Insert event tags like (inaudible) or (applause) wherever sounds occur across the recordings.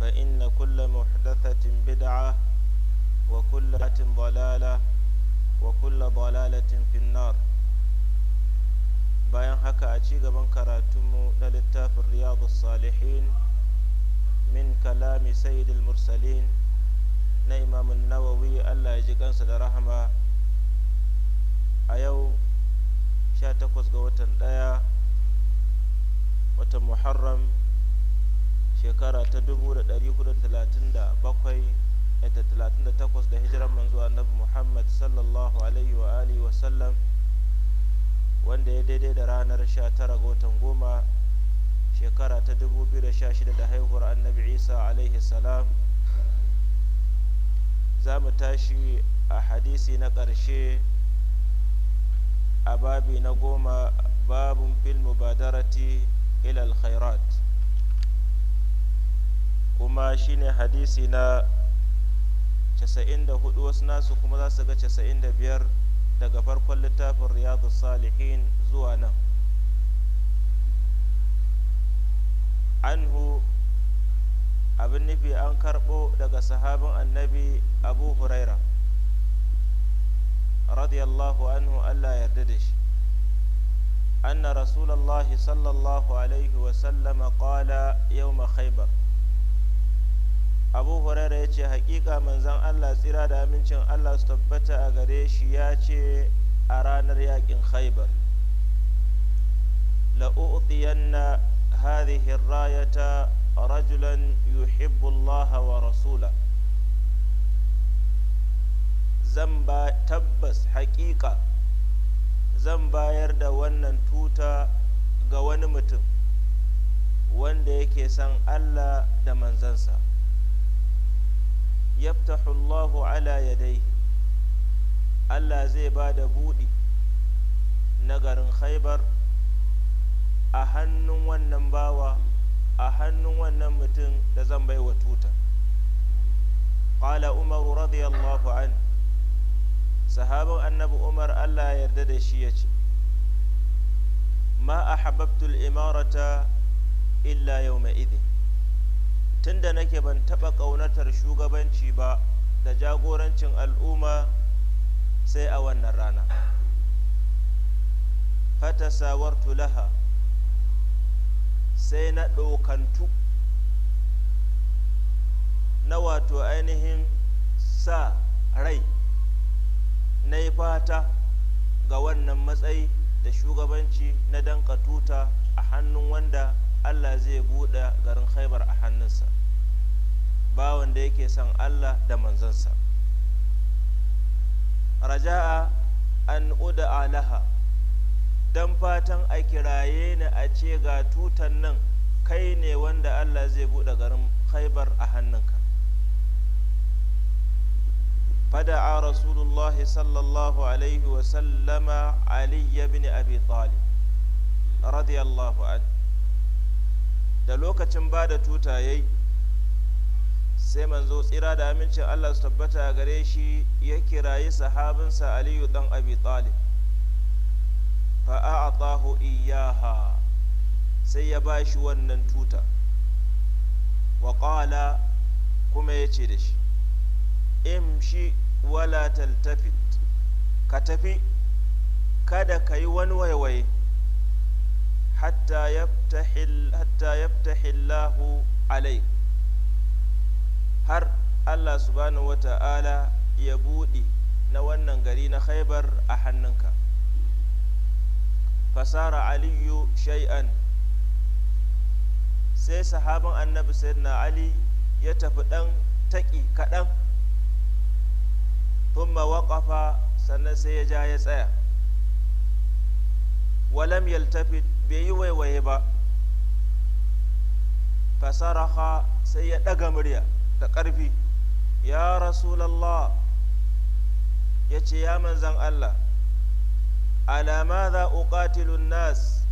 فإن كل محدثة بدعة وكل بدعة ضلالة وكل ضلالة في النار bayan haka a ci gaban karatunmu na littafin riyadu salihin min kalami sayyidul mursalin na imamun nawawi allah ya ji kansa da rahama a yau 18 ga watan ɗaya watan muharram shekara ta 437 da eh, hijirar manzo annabi muhammad sallallahu alaihi wa alihi wasallam wanda ya daidai da ranar 19 ga watan goma shekara ta 2016 da haihuwar annabi isa alaihi salam za mu tashi a hadisi na ƙarshe a babi na goma babun fil mubadarati ilal khairat kuma shi ne hadisi na 94 wasu nasu kuma za su ga 95 daga farkon littafin riyadu salihin zuwa nan anhu abin nufi an karɓo daga sahabin annabi abu huraira radiyallahu anhu allah yarda da shi anna رسول sallallahu alaihi wa عليه وسلم قال يوم abu huraira ya ce hakika manzan allah tsira da amincin allah su tabbata a gare shi ya ce a ranar yakin khaibar la'u'tiyanna hadhihi rayata rajulan yuhibbu allaha wa rasula zan ba tabbas haƙiƙa zan bayar da wannan tuta ga wani mutum wanda yake san allah da manzansa yaftahu Allahu ala yadai Allah zai ba da buɗi na garin haibar a hannun wannan bawa a hannun wannan mutum da zan baiwa tuta qala umaru radiyallahu an sahabin annabi umar Allah ya yarda da shi ya ce ma ahabbtu al-imarata illa yawma idhin tunda nake ban taɓa ƙaunatar shugabanci ba da jagorancin al'umma sai a wannan rana fata sawartu laha sai na ɗaukantu na wato ainihin sa rai na yi fata ga wannan matsayi da shugabanci na danka tuta a hannun wanda allah zai buɗe garin khaibar a hannunsa bawan da yake son allah da manzansa raja'a an uda Alaha, don fatan a kiraye ni a ce ga tutan nan kai ne wanda allah zai buɗe garin khaibar a hannunka fada'a rasulullah sallallahu alaihi wasallama aliyu bin abi talib radiyallahu anhu da lokacin ba da tuta yi sai manzo tsira da amincin Allah su tabbata gare shi ya kirayi sahabinsa Aliyu dan Abi Talib fa a'tahu iyyaha sai ya ba shi wannan tuta wa qala kuma yace da shi imshi wala taltafit ka tafi kada ka yi wani waiwaye hatta fita Allahu alai har Allah subhanahu wata'ala ya buɗe na wannan gari na khaibar a hannunka fasara aliyu shay'an sai sahaban annabi sayyidina ali ya tafi ɗan taƙi kaɗan thumma waƙafa sannan sai ya ja ya tsaya walam yaltafit bai yi waiwaye ba fasaraha sai ya ɗaga murya da ƙarfi ya rasulallah ya ce ya manzan allah alama za uqatilun nas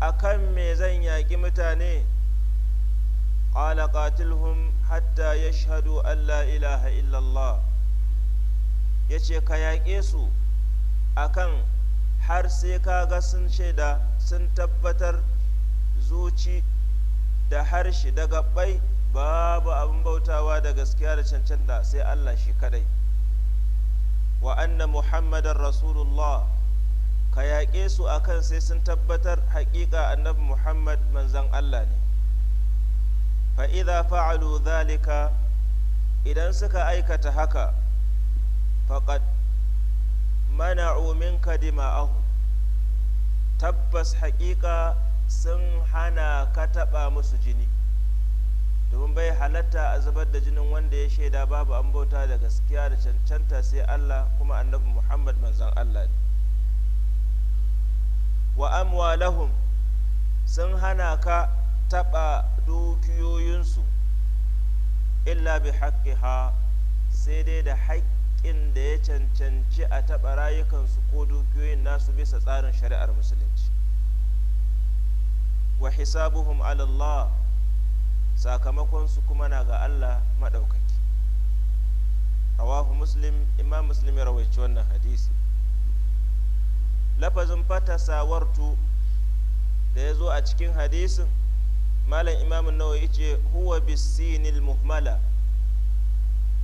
akan me zan yaƙi mutane ƙala qatilhum hatta ya an la ilaha illallah ya ce ka yaƙe su akan har sai ka ga sun shaida sun tabbatar zuci da harshe daga bai babu abin bautawa da gaskiya da cancanta sai Allah shi kadai wa anna muhammadar rasulullah ka yaƙe su akan sai sun tabbatar haƙiƙa annabi muhammad manzan Allah ne fa'iza fa'alu zalika idan suka aikata haka faƙad mana'u minka dima'ahu tabbas haƙiƙa sun hana ka taɓa musu jini domin bai halatta a zubar da jinin wanda ya shaida babu an bauta da gaskiya da cancanta sai Allah kuma annabi Muhammad manzon Allah ne wa amwalahum sun hana ka taɓa dukiyoyinsu illa bi haqqiha sai dai da haƙƙi haƙƙin da ya cancanci a taɓa rayukansu ko dukiyoyin nasu bisa tsarin shari'ar musulunci wa hisabuhum ala Allah sakamakonsu kuma na ga Allah maɗaukaki rawahu muslim imam muslim ya rawaici wannan hadisi lafazin fata sawartu da ya zo a cikin hadisin malam imamun nawawi ce huwa bisinil muhmala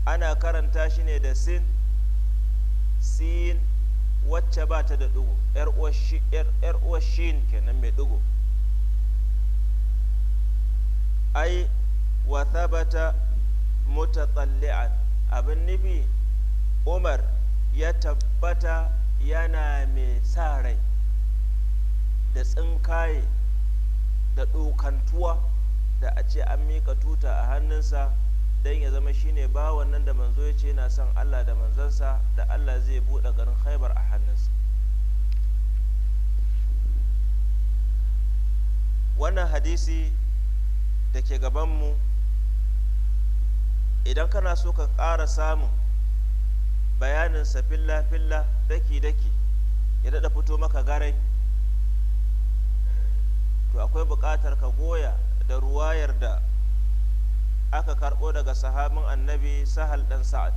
ana karanta shi ne da sin sin wacce ba ta da ɗigo yar kenan mai ɗigo ai wa thabata mutatsalli'an abin nufi umar ya tabbata yana mai sa rai da tsinkaye da ɗaukantuwa da a ce an mika tuta a hannunsa dan ya zama shine bawan nan da manzo ya ce yana son Allah da manzansa da Allah zai buɗe garin haibar a hannunsa wannan hadisi da ke gabanmu idan kana so ka ƙara samun sa filla-filla daki-daki ya daɗa fito maka garai to akwai buƙatar ka goya da ruwayar da aka karɓo daga sahabin annabi sahal ɗan sa'ad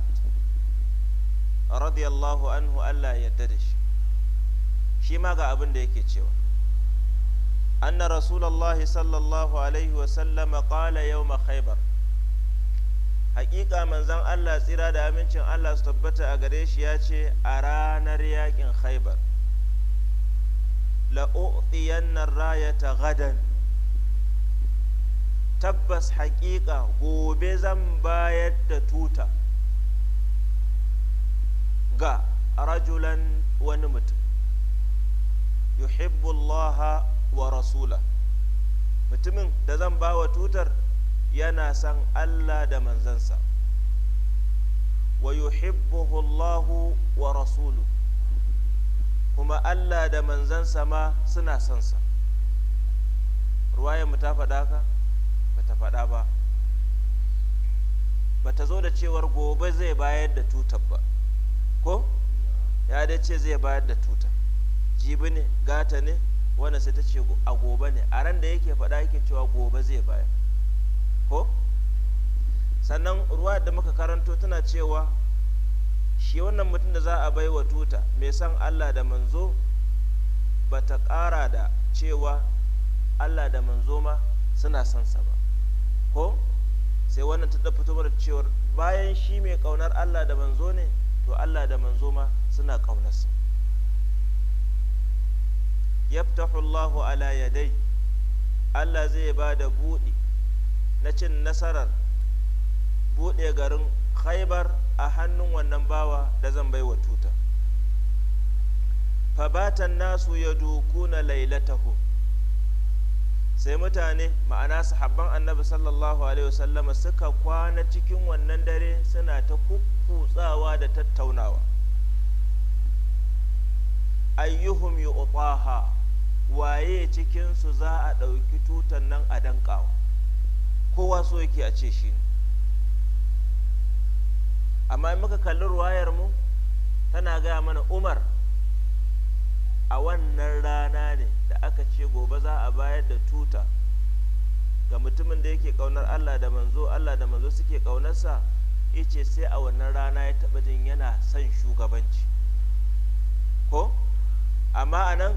radiyallahu anhu allah yadda da shi shi ma ga abin da yake cewa anna rasulallah sallallahu alaihi wasallama ƙala yau khaybar haƙiƙa manzan allah tsira da amincin allah su tabbata a gare shi ya ce a ranar yaƙin khaybar la'u'tiyannar rayata gadan tabbas haƙiƙa gobe zan bayar da tuta ga rajulan wani mutum yuhibbullaha wa rasula mutumin da zan ba wa tutar yana son allah da manzansa wa yuhibbuhullahu wa rasulu kuma allah da manzansa ma suna sansa ruwayanmu ta faɗa ka ta faɗa ba ba ta zo da cewar gobe zai bayar da tutar ba ko ya dai ce zai bayar da tutar jibi ne gata ne wanda sai ta ce a gobe ne a ran da yake faɗa yake cewa gobe zai bayar ko sannan ruwa da muka karanto tana cewa shi wannan mutum da za a bai wa tuta mai san allah da manzo ba ta ƙara da cewa allah da manzo ma suna son sa ba ko sai wannan ta fito mana cewar bayan shi mai kaunar Allah da manzo ne to Allah da manzo ma suna kaunarsa yaftahu ala yadai Allah zai ba da buɗi na cin nasarar buɗe garin khaibar a hannun wannan bawa da zan baiwa tuta fabatan nasu ya dukuna lailatahu sai mutane ma'ana sahabban annabi sallallahu alaihi wasallama suka kwana cikin wannan dare suna ta kukkutsawa da tattaunawa ayyuhum yu'taha waye cikin su za a ɗauki tutan nan a dankawa kowa so yake a ce shi ne amma muka kalli ruwayar mu tana gaya mana umar a wannan rana ne aka ce gobe za a bayar da tuta ga mutumin da yake kaunar Allah da manzo Allah da manzo suke kaunarsa yace sai a wannan rana ya taba jin yana son shugabanci ko amma anan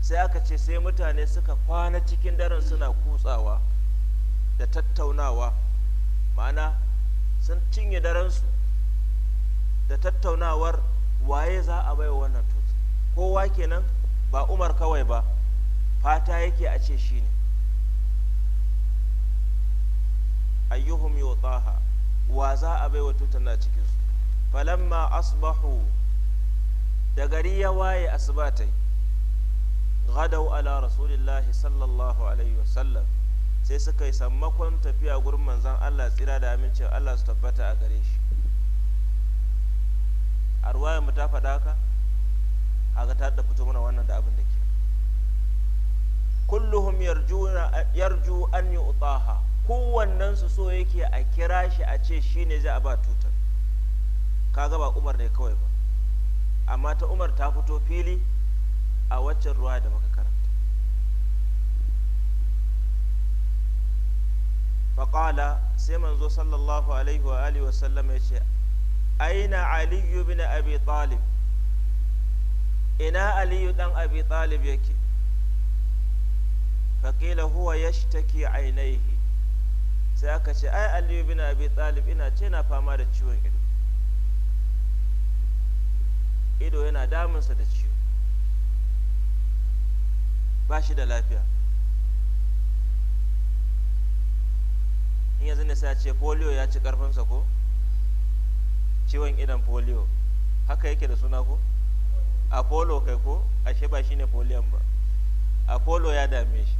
sai aka ce sai mutane suka kwana cikin daren suna kutsawa da tattaunawa ma'ana sun cinye daransu da tattaunawar waye za a bai wannan tuta kowa kenan ba umar kawai ba fata yake a ce shi ne ayyuhum yutaha wa za a baiwa tutar na su falamma asbahu da gari ya waye asibatai gadau ala rasulillahi sallallahu alaihi wasallam sai suka yi sammakon tafiya gurin manzan allah tsira da amincin allah su tabbata a gare shi a ruwayar mu ta faɗa ka a ga ta da fito mana wannan da abin da ke kulluhum yarju an yi utaha kowannen su so yake a kira shi a ce shi ne za a ba tutar kaga ba umar ne kawai ba amma ta umar ta fito fili a waccan ruwa da muka karanta faƙala sai manzo sallallahu alaihi wa alihi ya ce aina aliyu bin abi talib ina aliyu dan abi talib yake faƙila huwa ya take ainihi sai aka ce ai aliyu bin abi talib ina ce na fama da ciwon ido ido yana damunsa da ciwo ba shi da lafiya in yanzu ne sai ce polio ya ci karfinsa ko ciwon idan polio haka yake da suna ko apollo kai ko ashe ba shine poliyan ba apollo ya dame shi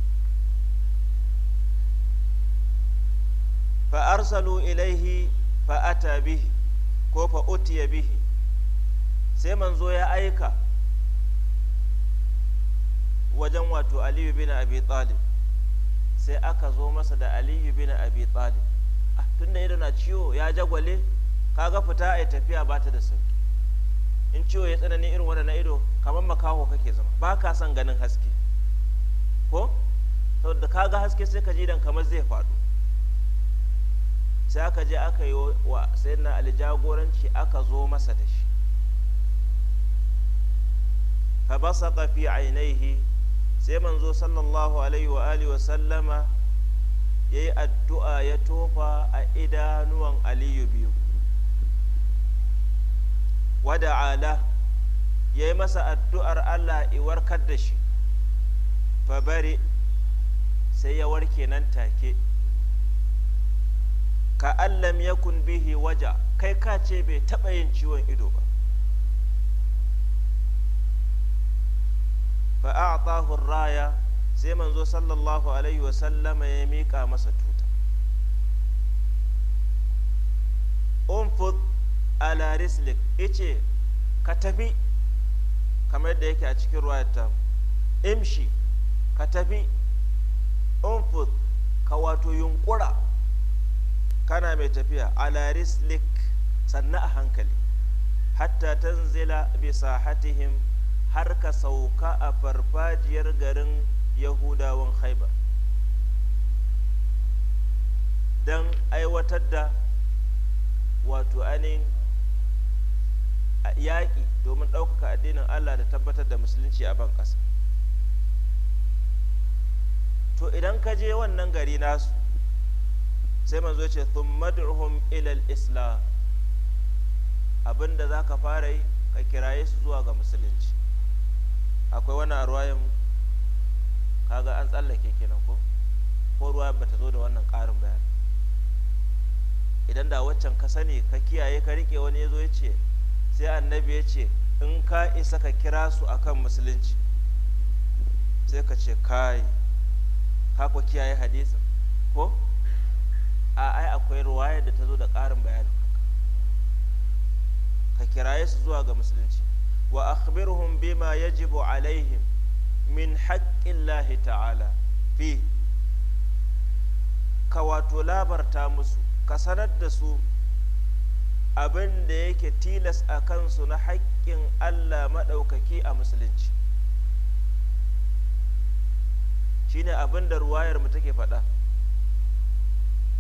fa arsalu ilaihi fa ata bihi ko fa utiya bihi sai manzo ya aika wajen wato aliyu bin abi talib sai aka zo masa da aliyu bin abi talib ah, tunda ido na ciwo ya jagwale kaga fita a tafiya ba ta da sauki in ciwo ya tsananin irin wannan ido kamar makaho kake zama ba ka son ganin haske ko saboda ka ga haske sai ka ji idan kamar zai faɗo sai aka je aka yi wa sayyidina ali jagoranci aka zo masa da shi fa basaqa fi ainihi sai manzo sallallahu alaihi wa alihi wa sallama yayi addu'a ya tofa a idanuwan aliyu biyu ala ya yi masa addu'ar Allah warkar da shi bari sai ya warke nan take ka allam kun bihi waja kai ka ce bai taɓa yin ciwon ido ba fa'a'atahu raya sai manzo sallallahu alaihi wasallama ya miƙa masa tuta umfud ala rislik ice ka tafi kamar da yake a cikin ruwayata imshi ka tafi umfud ka wato yunkura kana mai tafiya ala rislik sannan a hankali hatta tanzila bi sahatihim har ka sauka a farfajiyar garin yahudawan haiba don aiwatar da wato ainihin a yaƙi domin ɗaukaka addinin allah da tabbatar da musulunci a ban ƙasa to idan ka je wannan gari nasu sai manzo ce thummad'uhum ilal islam abinda za ka fara yi ka kiraye su zuwa ga musulunci akwai wani a kaga an tsallake kenan ko ko ruwa bata zo da wannan ƙarin bayan idan da waccan ka sani ka kiyaye ka riƙe wani ya zo ya ce sai annabi ya ce in ka isa ka kira su akan musulunci sai ka ce kai ka kiyaye hadisa ko a ai akwai ruwaya da ta zo da ƙarin bayanin ka kiraye su zuwa ga musulunci wa akhbirhum bima yajibu alaihim min haƙƙillahi ta'ala fi ka wato labarta musu ka sanar da su abin da yake tilas a kansu na haƙƙin allah maɗaukaki a musulunci shine abin da ruwayar mu take faɗa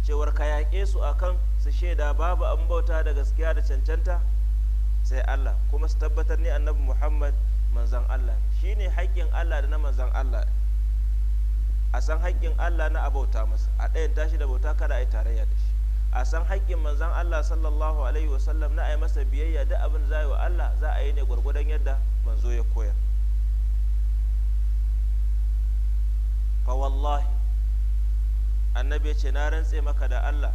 cewar ka yaƙe su a kan su shaida babu an bauta da gaskiya da cancanta sai allah kuma su tabbatar ne annabi muhammad manzan allah shine haƙƙin allah da na manzan allah a san haƙƙin allah na abauta masa a ɗayan tashi da bauta kada a yi tarayya da shi a san haƙƙin manzan Allah sallallahu alaihi wasallam na a yi masa biyayya da abin za yi wa Allah za a yi ne gwargwadon yadda manzo ya koyar fa wallahi annabi ce na rantse maka da Allah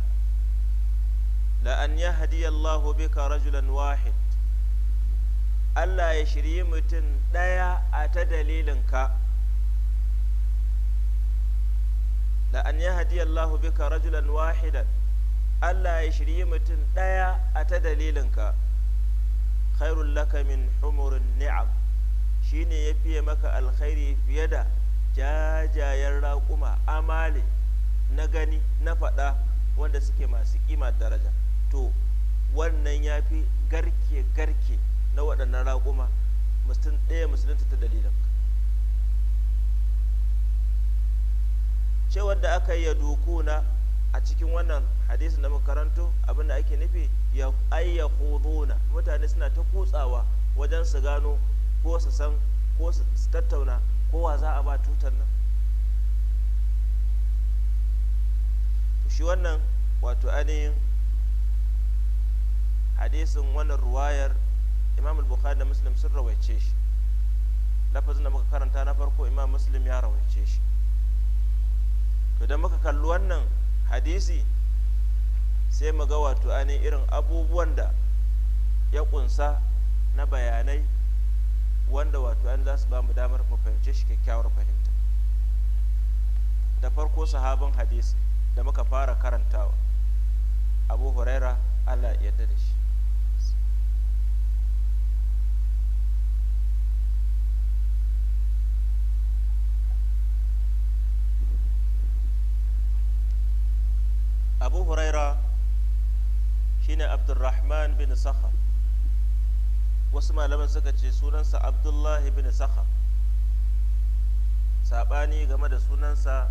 la an yahdi Allahu bika rajulan wahid Allah ya shirye mutum ɗaya a ta dalilinka la an yahdi Allahu bika rajulan wahidan Allah ya shirye mutum ɗaya a ta dalilinka khairul laka min humurin ni'am shine ya fiye maka alkhairi fiye da jajayen raƙuma amale na gani na faɗa wanda suke masu kima daraja to wannan ya fi garke-garke na waɗannan raƙuma mutum ɗaya musulunta ta dalilin cewar da aka yi ya dukuna a cikin wannan hadisin da muka karanto abin da ake nufi ya ayya khuduna mutane suna ta kutsawa wajen su gano ko su san ko su tattauna kowa za a ba tutar nan shi wannan wato ainihin hadisin wannan ruwayar imam bukhari da muslim sun rawaice shi lafazin da muka karanta na farko imam muslim ya rawaice shi to don muka kalli wannan hadisi sai mu ga wato ainihin irin abubuwan da ya kunsa na bayanai wanda wato an za su ba mu damar mu fahimce shi kyakkyawar fahimta da farko sahabin hadisi da muka fara karantawa abu huraira allah yarda da shi abu huraira shine abdurrahman bin sakhar wasu malaman suka ce sunansa abdullahi bin saha saɓani game da sunansa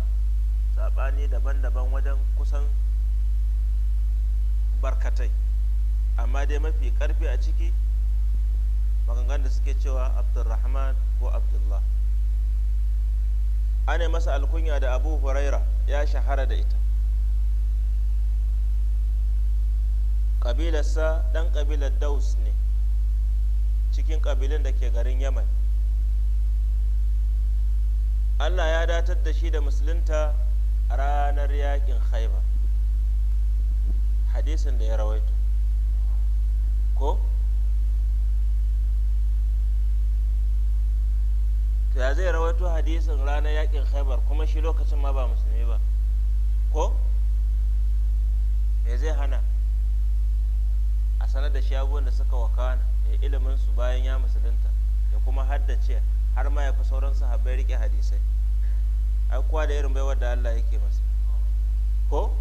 saɓani daban-daban wajen kusan barkatai amma dai mafi karfi a ciki maganganun da suke cewa abdurrahman ko abdullah ana masa alkunya da abu huraira ya shahara da ita ƙabilarsa ɗan ƙabilar daus ne cikin ƙabilun da ke garin yaman allah ya datar da shi da musulunta a ranar yakin haiba hadisin da ya rawaito ko ya zai rawaito hadisin ranar yaƙin haibar kuma shi lokacin ma ba musulmi ba ko me zai hana sanar da shi abubuwan da suka wakana ya ilimin su bayan ya musulunta ya kuma haddace har ma ya fi sauran sahabbai rike hadisai ai kowa da irin baiwar da Allah yake masa ko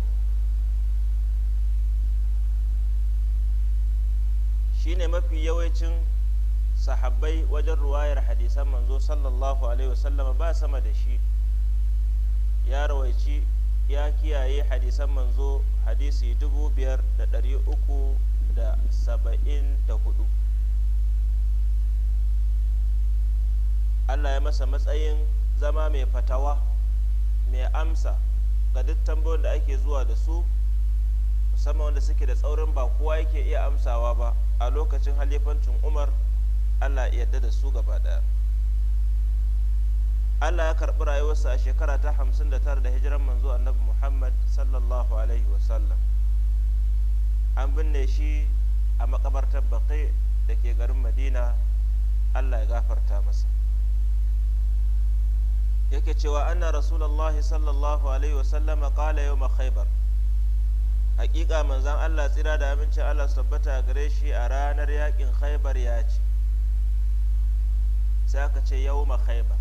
Shi ne mafi yawancin sahabbai wajen ruwayar hadisan manzo sallallahu alaihi wasallam ba sama da shi ya rawaici ya kiyaye hadisan manzo hadisi dubu biyar da ɗari uku da saba'in da hudu allah ya masa matsayin zama mai fatawa mai amsa ga duk tambayoyin da ake zuwa da su musamman wanda suke da tsaurin ba kowa yake iya amsawa ba a lokacin halifancin umar allah yarda da su gaba daya allah ya karɓi rayuwarsa a shekara ta 59 da hijiran manzo annabi muhammad sallallahu alaihi wasallam an binne shi a makabartar baƙi da ke garin madina allah ya gafarta masa yake cewa anna rasulallah sallallahu alaihi wasallama kala yau makhaibar hakika manzan allah tsira da abincin allah su tabbata gare shi a ranar yakin khaibar ya ce sai aka ce yau makhaibar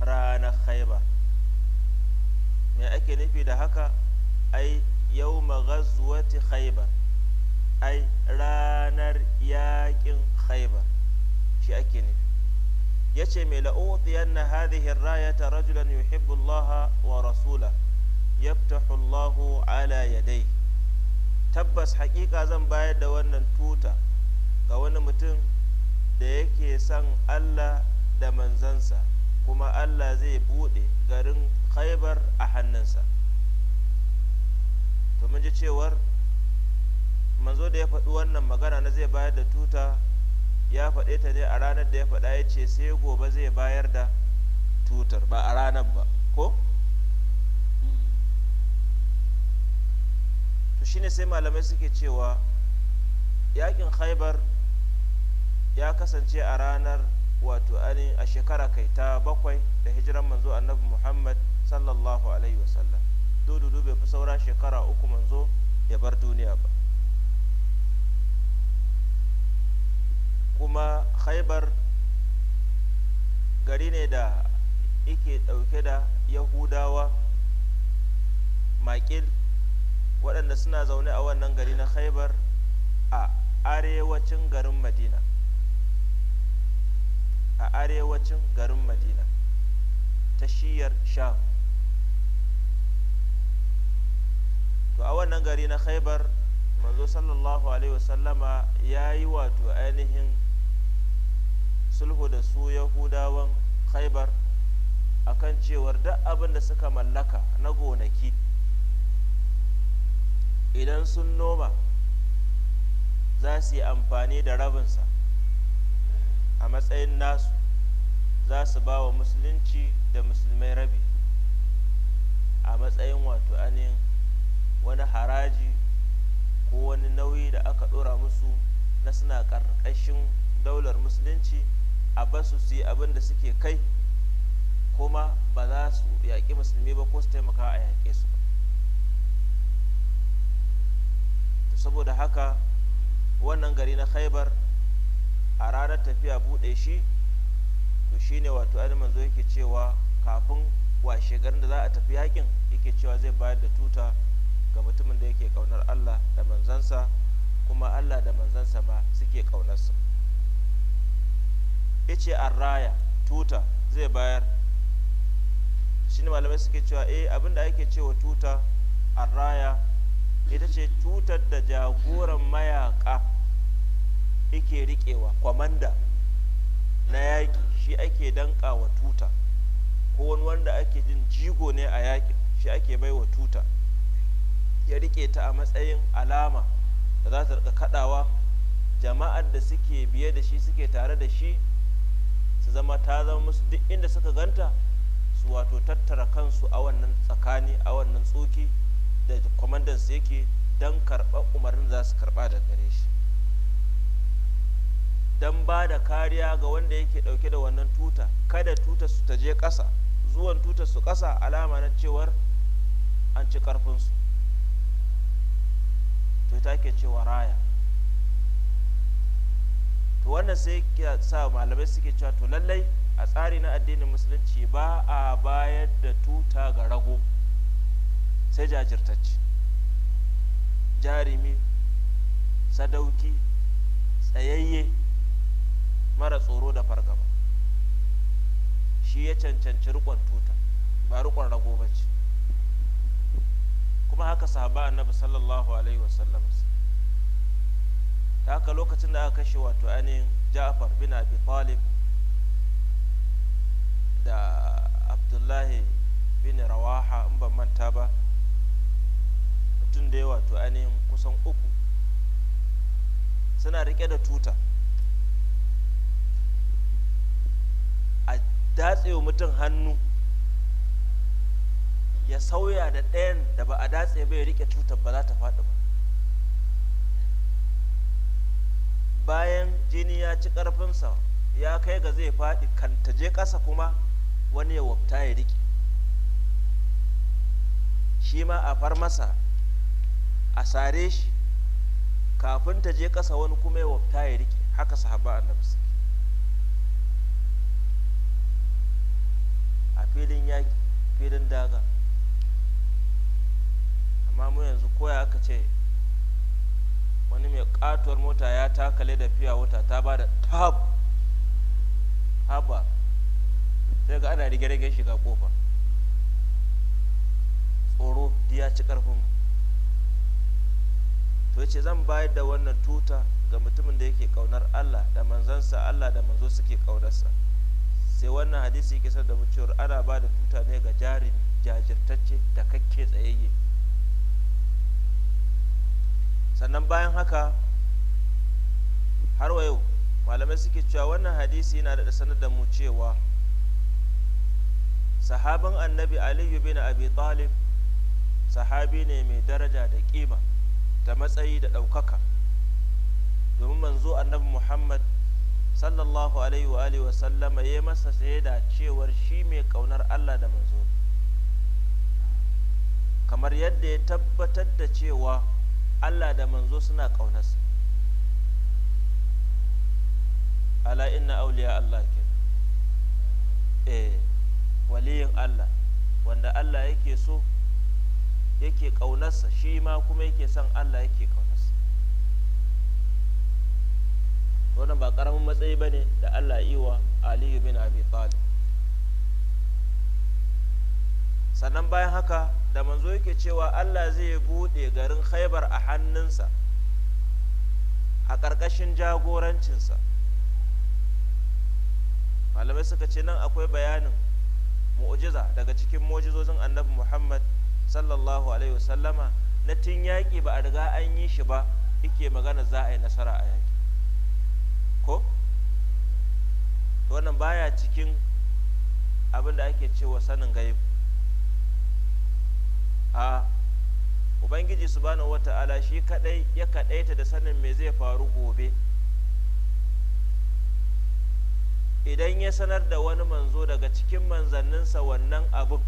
ranar khaibar me ake nufi da haka ai yau ta khaibar. ai ranar yakin khaibar shi ake nufi ya ce mai la'uɗiyan na hadhihi rayata rajulan yuhibbu allaha wa rasula yaftahu allahu ala yadai tabbas haƙiƙa zan bayar da wannan tuta ga wani mutum da yake son allah da manzansa kuma allah zai bude garin khaibar a hannunsa to mun ji cewar manzo da ya faɗi wannan magana na zai bayar da tuta ya faɗe ta ne a ranar da ya faɗa ya ce sai gobe zai bayar da tutar ba a ranar ba ko to shine sai malamai suke cewa yakin khaibar ya kasance a ranar wato ani a shekara kai ta bakwai da hijiran manzo annabi muhammad sallallahu alaihi wasallam dudu bai fi saura shekara uku manzo ya bar duniya ba kuma khaibar gari ne da yake ɗauke da yahudawa makil waɗanda suna zaune a wannan gari na khaibar a arewacin garin madina a arewacin garin madina ta shiyar sham to a wannan gari na khaibar manzo sallallahu alaihi wasallama ya yi wato ainihin sulhu da su yahudawan khaibar akan cewar duk abin da suka mallaka na gonaki idan sun noma za su yi amfani da rabinsa a matsayin nasu za su ba wa musulunci da musulmai rabi a matsayin wato anin wani haraji ko wani nauyi da aka ɗora musu na suna ƙarƙashin daular musulunci a basu su yi abin da suke kai kuma ba za su yaƙi musulmi ba ko su taimaka a yaƙe su saboda haka wannan gari na khaibar a ranar tafiya buɗe shi to shine wato ainihin manzo yake cewa kafin washe garin da za a tafi yakin yake cewa zai bayar da tuta ga mutumin da yake ƙaunar allah da manzansa kuma allah da manzansa ma suke ƙaunarsa ya ce raya tuta zai bayar shi ne malamai suke cewa eh abinda ake cewa tuta raya ita ce tutar da jagoran mayaka ike riƙewa kwamanda na yaƙi shi ake danƙawa tuta ko wani wanda ake jin jigo ne a yaƙi shi ake baiwa tuta ya riƙe ta a matsayin alama da za ta riƙa kaɗawa jama'ar da suke biye da shi suke tare da shi su zama ta zama musu duk inda suka ganta su wato tattara kansu a wannan tsakani a wannan tsoki da kwamandan su yake don karɓar umarnin za su karɓa da gare shi don ba da kariya ga wanda yake ɗauke da wannan tuta kada tuta su ta je ƙasa zuwan tuta su ƙasa alama na cewar an ci ƙarfinsu to ta ke cewa raya to wannan sai ya sa malamai suke cewa to lallai a tsari na addinin musulunci ba a bayar da tuta ga rago sai jajirtacci jarimi sadauki tsayayye mara tsoro da fargaba shi ya cancanci rikon tuta ba rikon rago ba ce kuma haka sahaba annabi sallallahu alaihi wasallam da haka lokacin da aka kashe wato ainihin ja'far bin abi talib da abdullahi bin rawaha in ban manta ba mutum da ya wato ainihin kusan uku suna rike da tuta a datsewa mutum hannu ya sauya da ɗayan da ba a datse bai rike tutar ba za ta faɗi ba bayan jini ya ci ƙarfinsa ya kai ga zai faɗi kantaje ƙasa kuma wani ya wabta ya riƙe shi ma a far masa a sare shi kafin ta je ƙasa wani kuma ya wabta ya riƙe haka sahaba annabi suke a filin yaƙi filin daga amma mu yanzu koya aka ce wani mai katuwar mota ya takale da fiya wata ta ba da tab haba sai ga ana rige shiga kofa tsoro ya ci karfin to ce zan bayar da wannan tuta ga mutumin da yake kaunar allah da manzansa allah da manzo suke kaunarsa sai wannan hadisi yake da mutuwar ana ba da tuta ne ga jarin jajirtacce da kakke tsayayye sannan bayan haka har wa yau malamai suke cewa wannan hadisi yana da sanar da mu cewa sahaban annabi aliyu bin abi talib sahabi ne mai daraja da kima da matsayi da ɗaukaka domin manzo annabi muhammad sallallahu alaihi wa alihi wasallama ya masa shaida cewar shi mai kaunar allah da manzo kamar yadda ya tabbatar da cewa Allah da manzo suna ƙaunarsa ala inna auliya Allah ke eh waliyin Allah wanda Allah yake so yake ƙaunarsa shi ma kuma yake son Allah yake ƙaunarsa wannan ba ƙaramin matsayi bane ne da Allah iwa Aliyu bin Abi Talib sannan bayan haka da manzo yake cewa Allah zai buɗe garin khaibar a hannunsa a ƙarƙashin jagorancinsa malamai suka ce nan akwai bayanin mu'jiza daga cikin mu'jizozin annabi muhammad sallallahu alaihi wasallama na tun yaƙi ba a riga an yi shi ba ike magana za a yi nasara a yaki ko wannan baya cikin abin da ake cewa sanin gaibu a ubangiji subhanahu wata'ala shi kadai ya kadaita da sanin me zai faru gobe idan ya sanar da wani manzo daga cikin manzanninsa wannan abin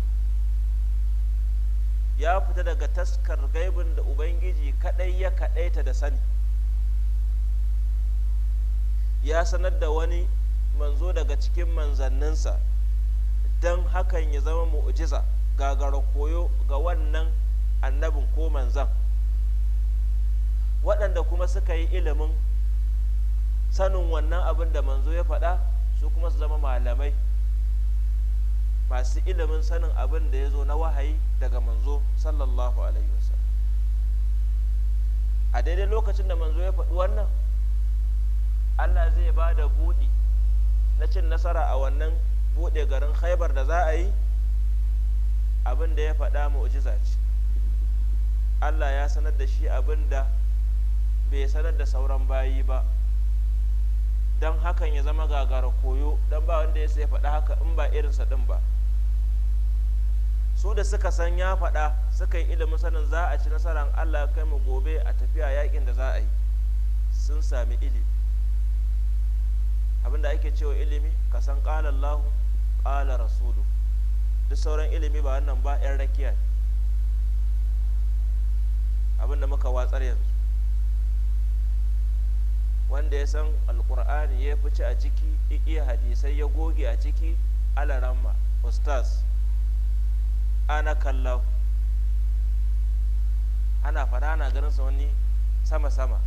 ya fita daga taskar gaibin da ubangiji kadai ya kadaita da sani ya sanar da wani manzo daga cikin manzanninsa don hakan ya zama mu'jiza gagara koyo ga wannan annabin ko manzan waɗanda kuma suka yi ilimin sanin wannan abin da manzo ya faɗa su kuma su zama malamai masu ilimin sanin abin da ya zo na wahayi daga manzo sallallahu alaihi wasallam a daidai lokacin da manzo ya faɗi wannan allah zai ba da buɗi na cin nasara a wannan buɗe garin haibar da za a yi abin da ya faɗa mu'jiza ce Allah ya sanar da shi abin da bai sanar da sauran bayi ba don hakan ya zama gagara koyo don ba wanda ya sai faɗa haka in ba irinsa ɗin ba su da suka san ya faɗa suka yi ilimin sanin za a ci nasarar Allah kai mu gobe a tafiya yakin da za a yi sun sami ilimi abinda ake cewa ilimi ka san ƙalallahu ƙala rasulu duk sauran ilimi ba wannan ba 'yan rakiya ne abinda muka watsar yanzu wanda ya san alkur'ani ya ci a ciki iya hadisai ya goge a ciki alaramma ustaz ana kalla ana fada ana ganin sa wani sama-sama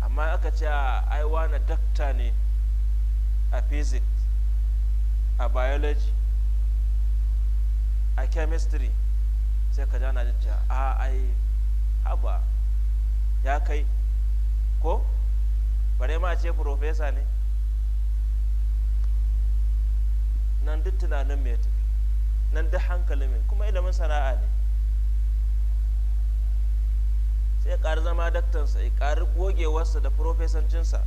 amma aka ce a aiwa na dakta ne a physics a biology a chemistry sai ka jana jin cewa a ai haba ya kai ko bare ma ce profesa ne nan duk tunanin mai tafi nan duk hankalin mai kuma ilimin sana'a ne sai ya ƙari zama daktansa ya ƙari gogewarsa da profesancinsa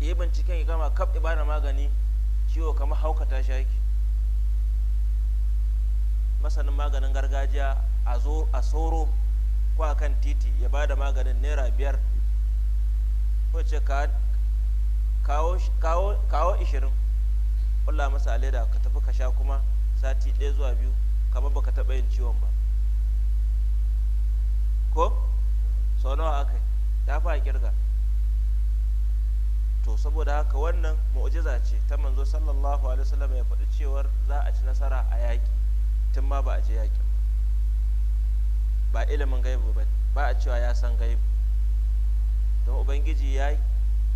ya yi binciken ya gama kaf ibana magani ciwo kamar haukata shaki masanin maganin gargajiya a soro ko a kan titi ya ba da maganin naira biyar ko ce kawo ishirin kulla masa leda ka tafi ka sha kuma sati ɗaya zuwa biyu kamar baka taɓa yin ciwon ba ko sau nawa aka ya fi a kirga to saboda haka wannan mu'jiza ce ta manzo sallallahu alaihi wasallam ya faɗi cewar za a ci nasara a yaƙi tun ma ba a je yaƙi ba ilimin gaibu ba ba a cewa ya san gaibu don ubangiji ya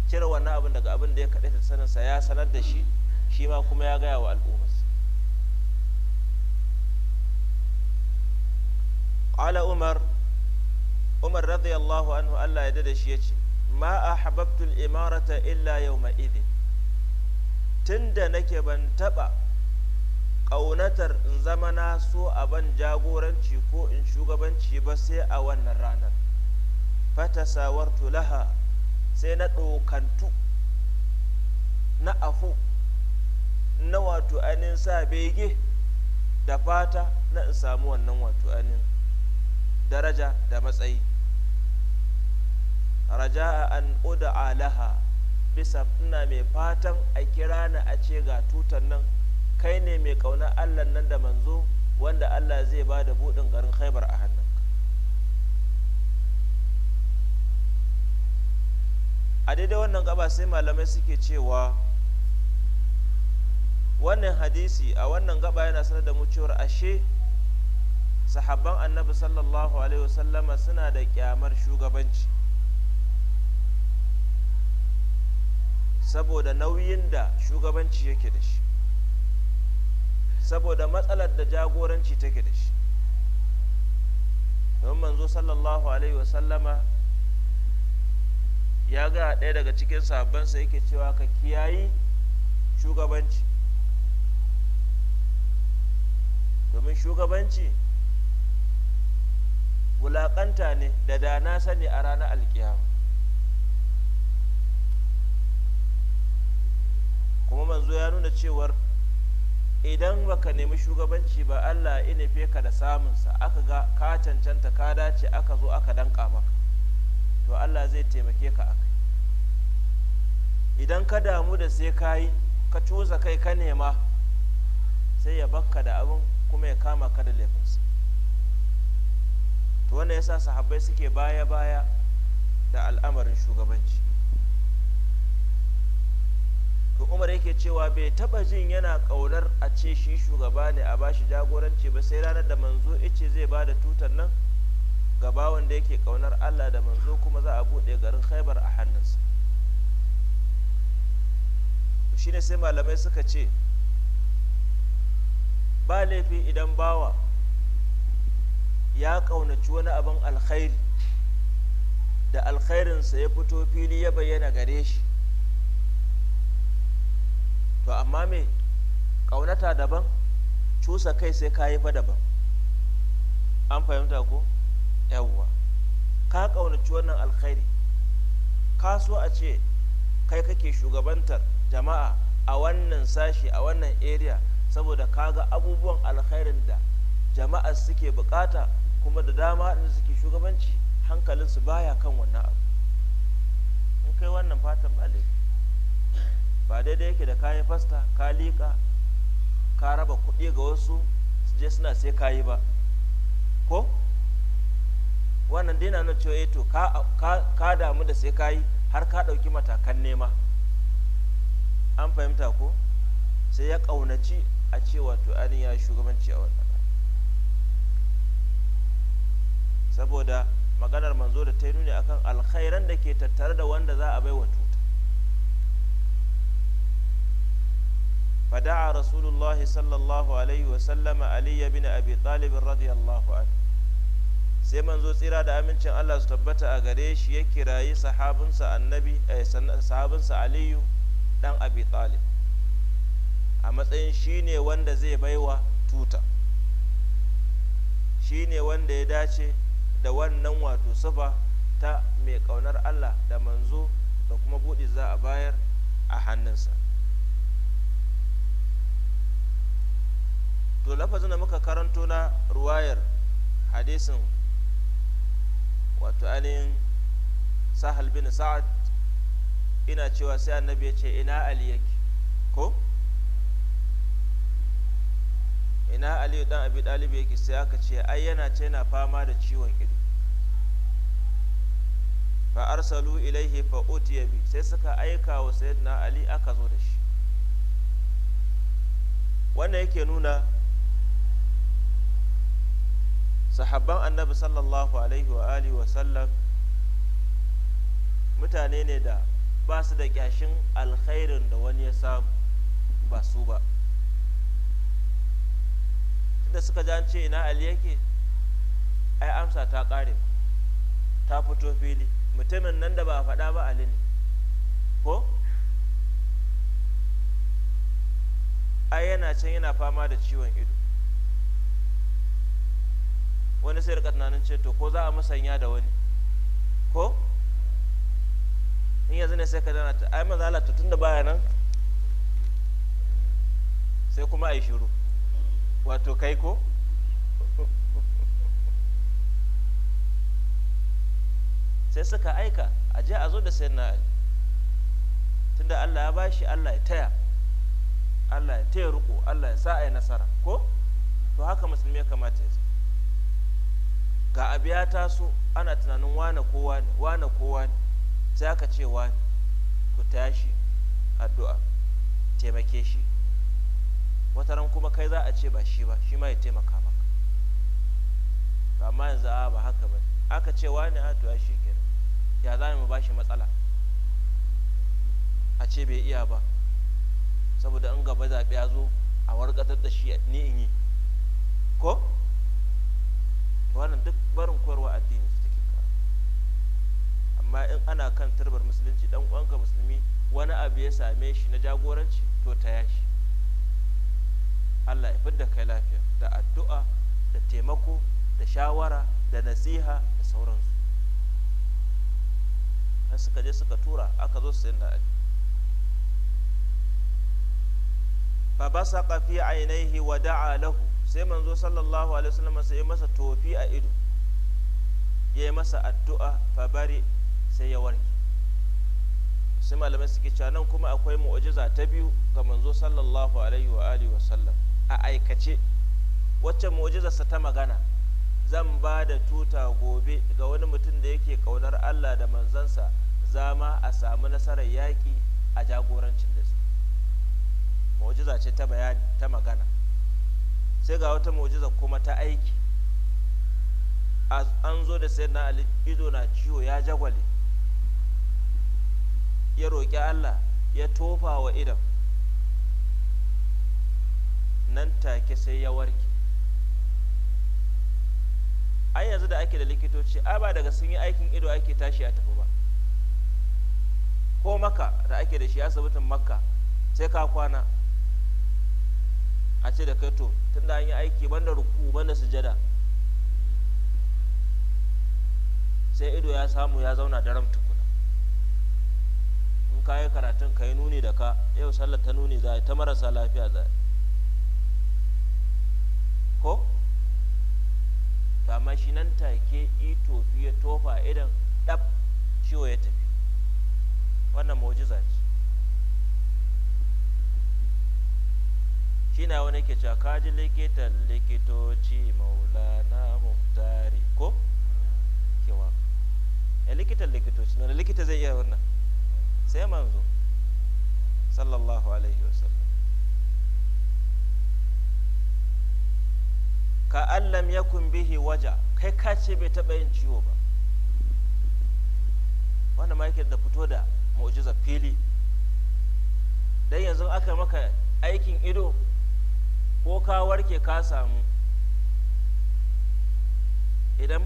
kira wannan abin daga abin da ya kaɗai ta saninsa ya sanar da shi shi ma kuma ya gaya wa al'ummarsa ala umar umar radiyallahu anhu allah ya da shi ya ce ma a hababtul imarata illa yau ma'idin tun da nake ban taɓa ƙaunatar in zama na so a ban jagoranci ko in shugabanci ba sai a wannan ranar fata sawartu laha sai na ɗaukantu na afu na wato anin sa bege da fata na in samu wannan wato anin daraja da matsayi raja'a an uda alaha bisa ina mai fatan a kira ni a ce ga tutan nan kai ne mai ƙaunar allah nan da manzo wanda allah zai ba da buɗin garin khaibar a hannunka a daidai wannan gaba sai malamai suke cewa wannan hadisi a wannan gaba yana sanar da mu cewar ashe sahabban annabi sallallahu alaihi wasallama suna da kyamar shugabanci saboda nauyin da shugabanci yake da shi saboda matsalar da jagoranci take da shi don manzo sallallahu alaihi wasallama ya ga ɗaya daga cikin sahabbansa yake cewa ka kiyayi shugabanci domin shugabanci wulaƙanta ne da dana sani a ranar alkiyama kuma manzo ya nuna cewar idan baka nemi shugabanci ba Allah ya nufe ka da samun sa aka ga ka cancanta ka dace aka zo aka danka maka to Allah zai taimake ka akai idan ka damu da sai ka yi ka cuza kai ka nema sai ya bakka da abin kuma ya kama ka da laifinsa to wannan yasa sahabbai suke baya-baya da al'amarin shugabanci to umar yake cewa bai taba jin yana kaunar a ce shi shugaba ne a bashi jagoranci ba sai ranar da manzo ice zai ba da tutar nan ga bawan da yake kaunar allah da manzo kuma za a buɗe garin khaibar a hannunsa shine sai malamai suka ce ba laifi idan bawa ya kaunaci wani abin alkhairi da alkhairinsa ya fito fili ya bayyana gare shi to amma me ƙaunata daban cusa kai sai ka yi fa daban an fahimta ko yawwa ka ƙaunaci wannan alkhairi ka so a ce kai kake shugabantar jama'a a wannan sashi a wannan area saboda ka ga abubuwan alkhairin da jama'a suke bukata kuma da dama da suke shugabanci hankalinsu baya kan wannan abu in kai wannan fatan ba laifi ba daidai yake da kayi fasta ka liƙa ka raba kuɗi ga wasu su je suna sai kayi ba ko wannan dai na cewa eh to ka damu da sai kayi har ka ɗauki matakan nema an fahimta ko sai ya ƙaunaci a cewa to an ya shugabanci a wannan saboda maganar manzo da ta yi nuni akan alkhairan da ke tattare da wanda za a bai wato. فدعا رسول الله صلى الله عليه وسلم علي بن أبي طالب رضي الله sai manzo tsira da amincin Allah su tabbata a gare shi ya kirayi sahabinsa annabi sahabinsa Aliyu dan Abi Talib a matsayin shine wanda zai baiwa tuta shine wanda ya dace da wannan wato sufa ta mai kaunar Allah da manzo da kuma buɗi za a bayar a hannunsa to lafazin da muka karanto na ruwayar hadisin wato ainihin sahal bin sa'ad ina cewa sai annabi ya ce ina ali ko ina aliyu dan abi dalibi yake sai aka ce ai yana ce yana fama da ciwon ido fa arsalu ilaihi fa utiya bi sai suka aika wa sayyidina ali aka zo da shi wannan yake nuna sahabban annabi sallallahu alaihi wa alihi wa sallam mutane ne da ba su da kyashin alkhairin da wani ya samu ba su ba tunda suka ji an ce ina ali yake ai amsa ta kare ta fito fili mutumin nan da ba a faɗa ba ali ne ko ai yana can yana fama da ciwon ido wani sai rika tunanin ce to ko za a musanya da wani ko in yanzu ne sai ka dana ta ai maza ta tun da baya nan sai kuma a yi shiru wato kai ko (laughs) sai suka aika a je a zo da sayan na tunda Allah ya bashi Allah ya taya Allah ya taya riko Allah ya sa a yi nasara ko to haka musulmi ya kamata ya ga abu ya taso ana tunanin wane kowa ne wane kowa ne sai aka ce wane ku tashi addu'a taimake shi wata ran kuma kai za a ce ba shi ba shi ma ya taimaka maka amma yanzu a ba haka ba aka ce wane addu'a shi kenan ya za mu ba shi matsala a ce bai iya ba saboda in gaba zaɓe ya zo a warkatar da shi ni in yi ko wannan duk barin koyarwa addini su take ka amma in ana kan turbar musulunci dan uwanka musulmi wani abu ya same shi na jagoranci to ta yashi Allah ya fidda kai lafiya da addu'a da taimako da shawara da nasiha da sauransu har suka je suka tura aka zo su da ali fa basaqa fi ainihi wa da'a lahu sai manzo sallallahu alaihi wasallam sai masa tofi a ido ya masa addu'a bari sai ya warke sai malamai suke cewa nan kuma akwai mu'jiza ta biyu ga manzo sallallahu alaihi wa alihi wasallam a aikace wacce mu'jizarsa ta magana zan ba da tuta gobe ga wani mutum da yake kaunar Allah da manzansa zama a samu nasarar yaƙi a jagorancin da su ce ta bayani ta magana sai ga wata mu'jiza kuma ta aiki an zo da sayyidina ali ido na ciwo ya jagwale ya roƙi allah ya tofa wa idan nan take sai ya warke ai yanzu da ake da likitoci a ba daga sun yi aikin ido ake tashi a tafi ba ko maka da ake da shi asibitin makka sai ka kwana a ce da kai to tunda an yi aiki ban banda ruku da sujada sai ido ya samu ya zauna daram tukuna in ka yi karatun ka yi nuni da ka yau sallar ta nuni za ta marasa lafiya za ko ta shi nan take itofi ya tofa idan ɗab ciwo ya tafi wannan mu'jiza ce yasa wani ke cewa kaji likitan likitoci maulana muftari ko kewa ya likitan likitoci na likita zai iya wannan sai manzo sallallahu alaihi wasallam ka allam kun bihi waja kai ka ce bai taɓa yin ciwo ba wanda ma yake da fito da mu'jiza fili dan yanzu aka maka aikin ido ko ka warke ka samu idan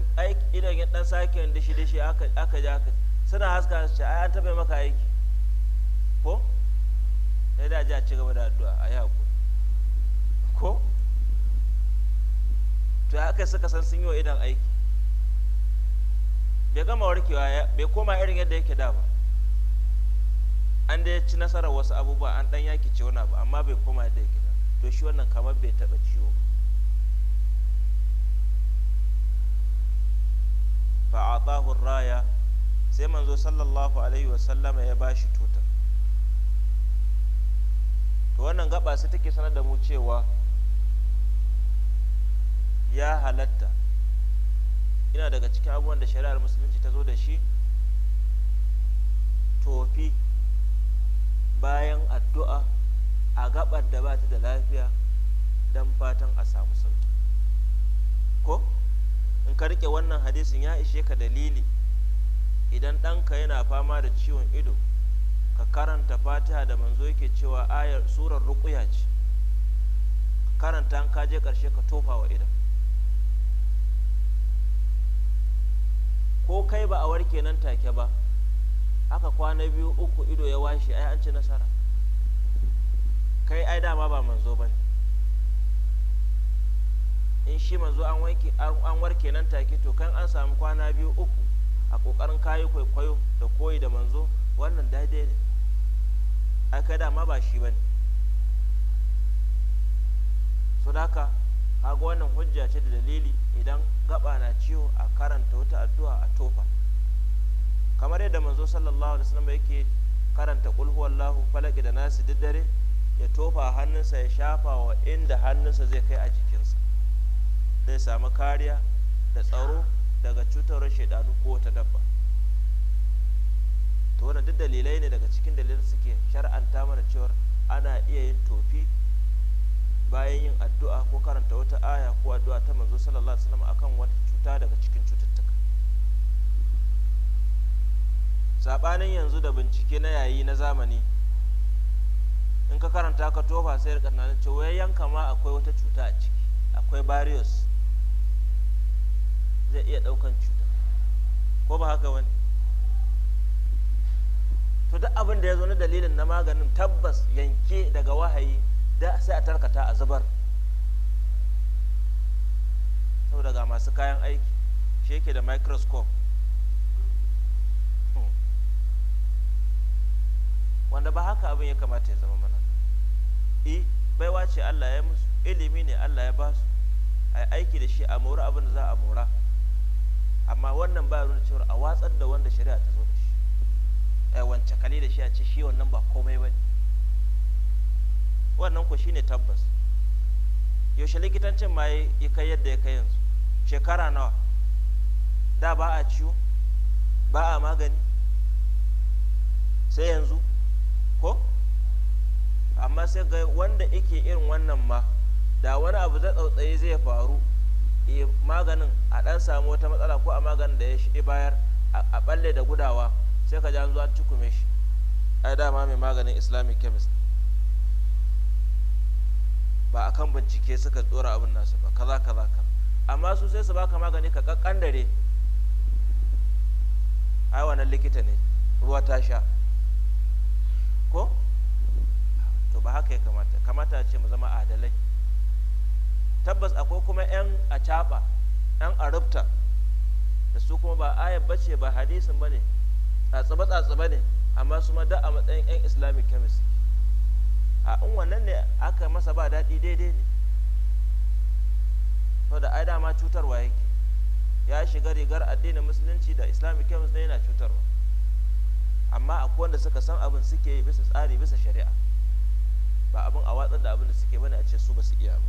idan ya dan sake dishi dishi aka ja aka suna haska su ce ai an taɓa maka aiki ko ya da ji a ci gaba da addu'a a yi haƙuri ko to aka suka san sun yi wa idan aiki bai gama warkewa bai koma irin yadda yake da ba an da ya ci nasarar wasu abubuwa an dan yaki ce wani abu amma bai koma yadda yake to shi wannan kamar bai taɓa ciwo ba. a fa'atahu raya sai manzo sallallahu alaihi wasallama ya ba shi tutar to wannan gaba sai take sanar da mu cewa ya halatta ina daga cikin abubuwan da shari'ar musulunci ta zo da shi tofi bayan addu'a a gabar da ba ta da lafiya don fatan a samu sauki ko in ka rike wannan hadisin ya ishe ka dalili idan ɗanka yana fama da ciwon ido ka karanta fatiha da manzo yake cewa ayar surar rukuya ce karanta an kaje ƙarshe ka tofa wa idan ko kai ba a warke nan take ba aka kwana biyu uku ido ya washe ai an ci nasara kai ai dama ba manzo ba in shi manzo an wanke an warke nan take to kan an samu kwana biyu uku a kokarin kayi kwaikwayo da koyi da manzo wannan daidai ne ai kai dama ba shi bane so da haka kaga wannan hujja ce da dalili idan gaba na ciwo a karanta wata addu'a a tofa kamar yadda manzo sallallahu alaihi wasallam yake karanta qul huwallahu falaki da nasi duk dare ya tofa hannunsa ya shafa wa inda hannunsa zai kai a jikinsa zai samu kariya da tsaro daga cutar shaidanu ko wata dabba to wannan duk dalilai ne daga cikin dalilan suke shar'anta mana cewar ana iya yin tofi bayan yin addu'a ko karanta wata aya ko addu'a ta manzo sallallahu alaihi wasallam akan wata cuta daga cikin cututtuka sabanin yanzu da bincike na yayi na zamani in ka karanta ka tofa sai rika tunanin cewa yanka ma akwai wata cuta a ciki akwai barriers zai iya daukan cuta ko ba haka wani to duk abin da ya zo na dalilin na maganin tabbas yanke daga wahayi da sai a tarkata a zubar saboda ga masu kayan aiki shi yake da microscope hmm. wanda ba haka abin ya kamata ya zama mana e baiwa ce Allah ya musu ilimi ne Allah ya ba su a aiki da shi a mora abin da za a mora amma wannan ba nuna cewa a watsar da wanda shari'a ta zo da shi a wance kali da shi a ce shi wannan ba komai ba ne wannan ku shine tabbas yaushe likitancin ma ya kai yadda ya kai yanzu shekara nawa da ba a ciwo ba a magani sai yanzu ko amma sai ga wanda yake irin wannan ma da wani abu zai tsautsaye zai faru eh, maganin a dan samu wata matsala ko a maganin da ya bayar a balle da gudawa sai ka ji an zuwa cikume shi ai dama mai maganin islamic chemist ba a kan bincike suka tsora abin nasu ba kaza kaza ka amma su sai su baka magani ka kakkan dare ai wannan likita ne ruwa ta sha ko ba haka ya kamata kamata ce mu zama adalai tabbas akwai kuma 'yan a caɓa 'yan a rubta da su kuma ba ayab bace ba hadisin ba ne tsatsabe ne amma su ma da a matsayin 'yan islamic chemist a in wannan ne aka masa ba daɗi daidai ne to da ai dama cutarwa yake ya shiga rigar addinin musulunci da islamic chemist ne yana cutarwa amma akwai wanda suka san abin suke bisa tsari bisa shari'a ba abin a watsar da abin da suke bane a ce su ba su iya ba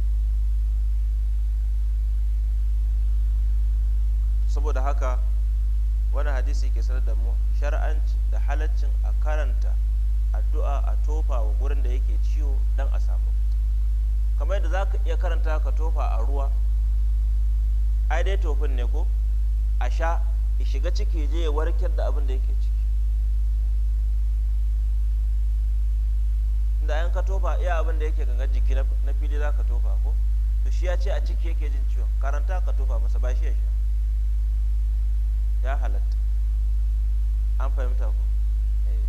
saboda haka wani hadisi ke sanar da mu shar'anci da halaccin a karanta addu'a a tofa wa gurin da yake ciwo don a samu kamar yadda za ka iya karanta ka tofa a ruwa ai dai tofin ne ko a sha shiga ciki je ya warkar da abin da yake ciki in ka tofa iya abin da yake gangan jiki na fili za ka tofa ko to shi ya ce a ciki yake jin ciwon karanta ka tofa masa ba shi ya sha ya halatta an fahimta ku eh.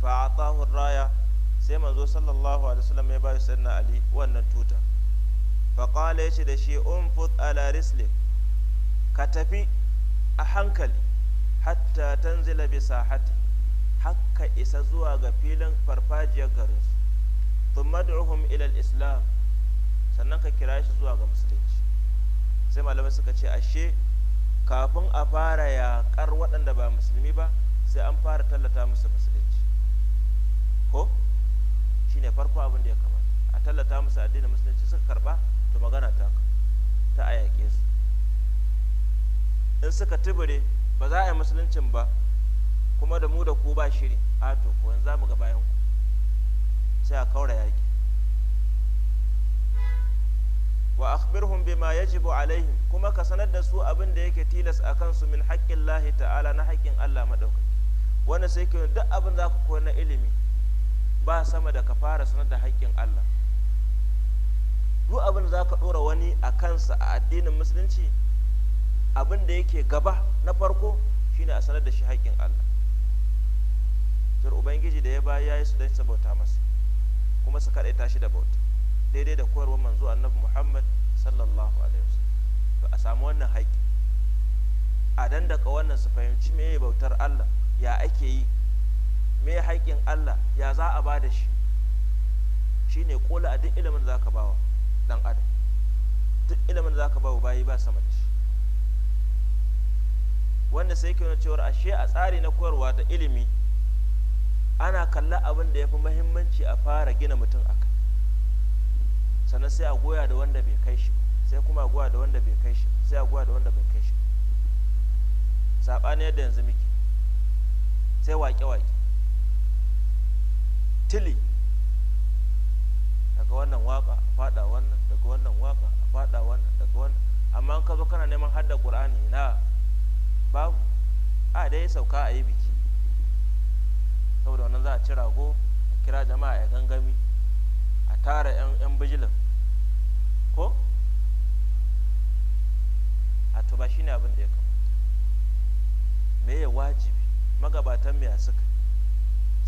fa atahu raya sai manzo sallallahu alaihi wasallam ya bayu sannan ali wannan tuta fa qala yace da shi un fut ala risle ka tafi a hankali hatta tanzila bi sahati hakka isa zuwa ga filin farfajiyar garin su thumma du'uhum ila islam sannan ka kira shi zuwa ga musulunci sai malamai suka ce ashe kafin a fara yaƙar waɗanda ba musulmi ba sai an fara tallata musu musulunci ko shine farko abin da ya kamata a tallata musu addinin musulunci suka karba to magana ta ta ayyake su in suka tubure ba za a yi musuluncin ba kuma da mu da ku ba shiri a to ko yanzu mu ga bayan ku sai a kaura yaki wa akhbirhum bima yajibu alaihim kuma ka sanar da su abin da yake tilas a kansu min haƙƙin lahi ta'ala na haƙƙin Allah maɗaukaki wanda sai ke duk abin za ku koyar na ilimi ba sama da ka fara sanar da haƙƙin Allah duk abin da za ka ɗora wani a kansa a addinin musulunci abin da yake gaba na farko shine a sanar da shi haƙƙin Allah tur ubangiji da ya bayi ya yi su don bauta masa kuma su kaɗaita tashi da bauta daidai da koyarwar manzo annabi muhammad sallallahu alaihi wasallam to a samu wannan haƙƙi a dandaka wannan su fahimci me bautar allah ya ake yi me haƙƙin allah ya za a ba da shi shine kola a duk ilimin da zaka bawa dan adam duk ilimin da zaka bawa bayi ba sama da shi wanda sai ke nuna cewa ashe a tsari na koyarwa da ilimi ana kalla abin da ya fi mahimmanci a fara gina mutum a kai sannan sai a goya da wanda bai kai shi sai kuma a goya da wanda bai kai shi sai a goya da wanda bai kai shi saɓani yadda yanzu muke sai waƙe-waƙe tili daga wannan waƙa a faɗa wannan daga wannan waƙa a faɗa wannan daga wannan amma ka zo kana neman hadda ƙur'ani na babu a dai sauka a yi bi saboda wannan za a ci rago a kira jama'a ya gangami a tara 'yan bijilin ko a tuba shi ne abin da ya kamata me ya wajibi magabatan me suka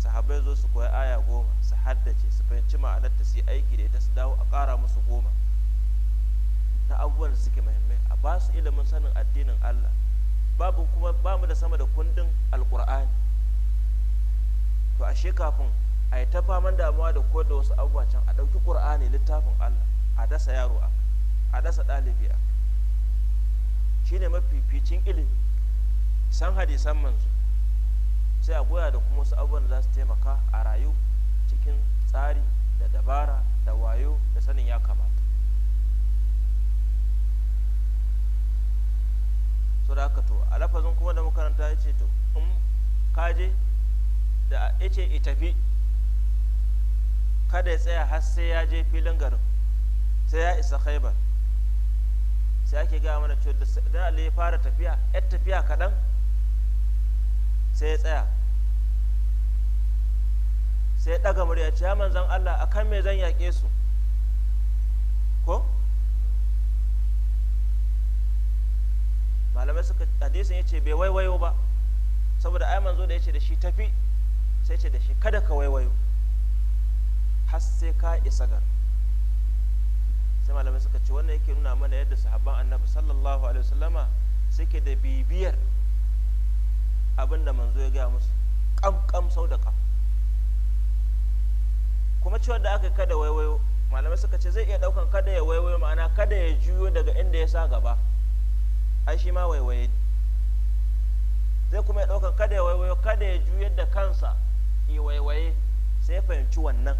sahabai zo su koya aya goma su haddace su fahimci ma'anar ta su yi aiki da ita su dawo a ƙara musu goma ta abubuwan da suke muhimmai a ba su ilimin sanin addinin allah babu kuma ba mu da sama da kundin alkur'ani. to ashe kafin a yi ta faman damuwa da koyar da wasu abubuwa can a ɗauki ƙur'ani littafin allah a dasa yaro a a dasa ɗalibi a shine mafificin ilimi san hadisan manzo sai a goya da kuma wasu abubuwan da za su taimaka a rayu cikin tsari da dabara da wayo da sanin ya kamata so da haka to a lafazin kuma da makaranta ya ce to in kaje da ya ce tafi kada ya tsaya har sai ya je filin garin sai ya isa khaibar sai ake gaya mana cewa da Ali ya fara tafiya yar tafiya kaɗan sai ya tsaya sai ya ɗaga murya ce ya manzan Allah a kan me zan yaƙe su ko malamai suka hadisin ya ce bai waiwayo ba saboda ai manzo da ya ce da shi tafi sai ce da shi kada ka waiwayo har sai ka isa gar sai malamai suka ce wannan yake nuna mana yadda sahabban annabi sallallahu alaihi wasallama suke da bibiyar abin da manzo ya gaya musu kam sau da kam kuma cewa da aka kada waiwayo malamai suka ce zai iya daukan kada ya waiwayo ma'ana kada ya juyo daga inda ya sa gaba ai shi ma waiwaye ne zai kuma ya daukan kada ya waiwayo kada ya juyar da kansa ciki waiwaye sai ya fahimci wannan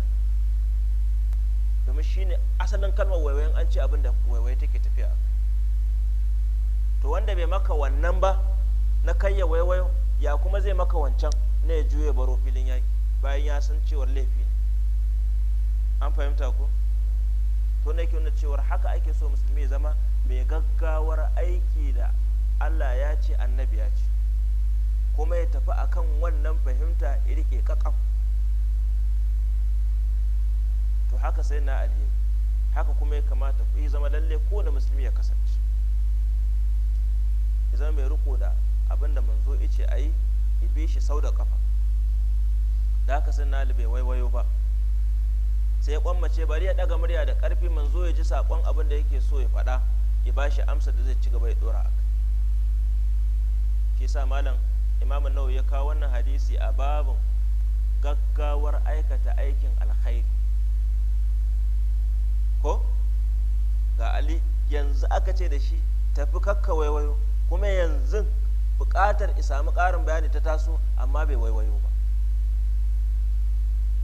domin shine asalin kalmar waiwaye an ce abin da waiwaye take tafiya to wanda bai maka wannan ba na kayya waiwayo ya kuma zai maka wancan na ya juya baro filin yaƙi bayan ya san cewar laifi ne an fahimta ko to na cewar haka ake so musulmi zama mai gaggawar aiki da allah ya ce annabi ya ce kuma ya tafi akan wannan fahimta ya rike kakaf to haka sai na aliyu haka kuma ya kamata ku yi zama lalle ko kowane musulmi ya kasance ya zama mai riko da abin da manzo ya ce a yi bi shi sau da kafa da haka sai na bai waiwayo ba sai ya kwammace bari ya daga murya da karfi manzo ya ji sakon abin da yake so ya faɗa ya ba shi amsa da zai ci gaba ya ɗora a kai shi sa malam imam nau ya kawo wannan hadisi a babin gaggawar aikata aikin alkhairi ko ga ali yanzu aka ce da shi tafi kakka waiwayo kuma yanzu buƙatar isami ƙarin bayani ta taso amma bai waiwayo ba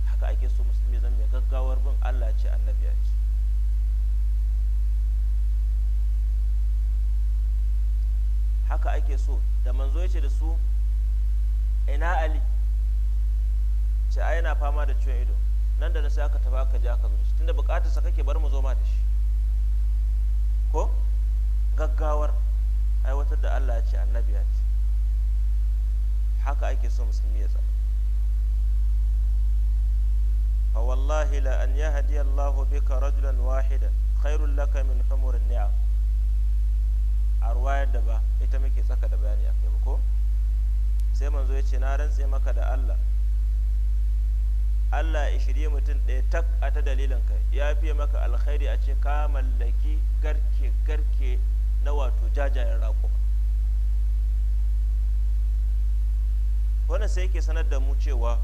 haka ake so musulmi zan mai gaggawar bin allah ce annabi ya ce haka ake so da manzo ya ce da su ina ali ce a yana fama da ciwon ido nan da na sai aka tafi aka ji aka zuci tunda bukatar sa kake bar mu zo ma da shi ko gaggawar aiwatar da Allah ya ce annabi ya ce haka ake so musulmi ya tsara fa wallahi la an yahdi Allahu bika rajulan wahidan khairul laka min humurin ni'am a da ba ita muke tsaka da bayani akai ba ko sai manzo ya ce na rantse maka da Allah Allah ya shirye mutum ɗaya tak a ta dalilin ka ya fiye maka alkhairi a ce ka mallaki garke garke na wato jajayen raƙuma wannan sai yake sanar da mu cewa